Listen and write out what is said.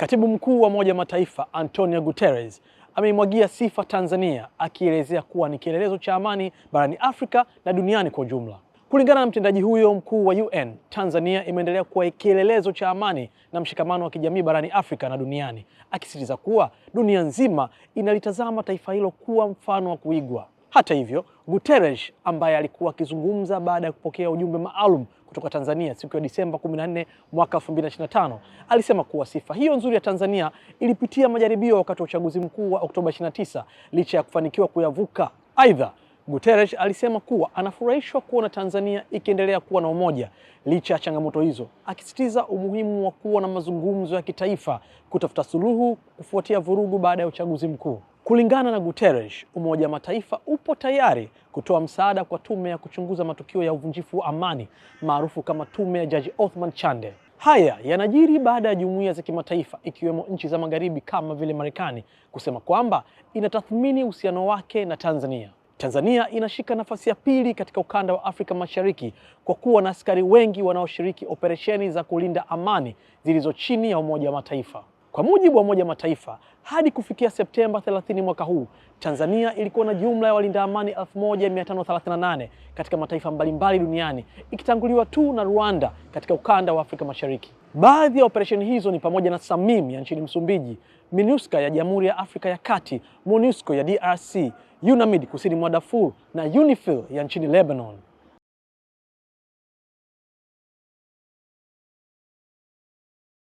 Katibu Mkuu wa Umoja Mataifa Antonio Guterres ameimwagia sifa Tanzania akielezea kuwa ni kielelezo cha amani barani Afrika na duniani kwa ujumla. Kulingana na mtendaji huyo mkuu wa UN, Tanzania imeendelea kuwa kielelezo cha amani na mshikamano wa kijamii barani Afrika na duniani, akisisitiza kuwa dunia nzima inalitazama taifa hilo kuwa mfano wa kuigwa. Hata hivyo, Guterres ambaye alikuwa akizungumza baada ya kupokea ujumbe maalum kutoka Tanzania siku ya Disemba 14 mwaka 2025 alisema kuwa sifa hiyo nzuri ya Tanzania ilipitia majaribio wakati wa uchaguzi mkuu wa Oktoba 29 licha ya kufanikiwa kuyavuka. Aidha, Guterres alisema kuwa anafurahishwa kuona Tanzania ikiendelea kuwa na umoja licha ya changamoto hizo, akisisitiza umuhimu wa kuwa na mazungumzo ya kitaifa kutafuta suluhu kufuatia vurugu baada ya uchaguzi mkuu. Kulingana na Guterres, Umoja wa Mataifa upo tayari kutoa msaada kwa tume ya kuchunguza matukio ya uvunjifu wa amani maarufu kama tume ya Jaji Othman Chande. Haya yanajiri baada ya jumuiya za kimataifa ikiwemo nchi za magharibi kama vile Marekani kusema kwamba inatathmini uhusiano wake na Tanzania. Tanzania inashika nafasi ya pili katika ukanda wa Afrika Mashariki kwa kuwa na askari wengi wanaoshiriki operesheni za kulinda amani zilizo chini ya Umoja wa Mataifa. Kwa mujibu wa Umoja Mataifa, hadi kufikia Septemba 30 mwaka huu, Tanzania ilikuwa na jumla ya walinda amani 1538 katika mataifa mbalimbali duniani ikitanguliwa tu na Rwanda katika ukanda wa Afrika Mashariki. Baadhi ya operesheni hizo ni pamoja na SAMIM ya nchini Msumbiji, MINUSCA ya Jamhuri ya Afrika ya Kati, MONUSCO ya DRC, UNAMID kusini mwa Darfur na UNIFIL ya nchini Lebanon.